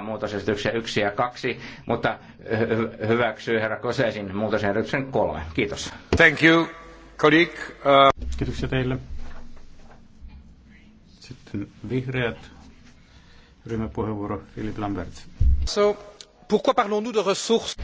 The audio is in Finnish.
muutosesityksiä yksi ja kaksi, mutta hyväksyy herra Kosesin muutosehdotuksen kolme. Kiitos. Thank you, colleague. Uh... Kiitoksia teille. Sitten vihreät. Ryhmäpuheenvuoro Philip Lambert. So, pourquoi parlons-nous de ressources?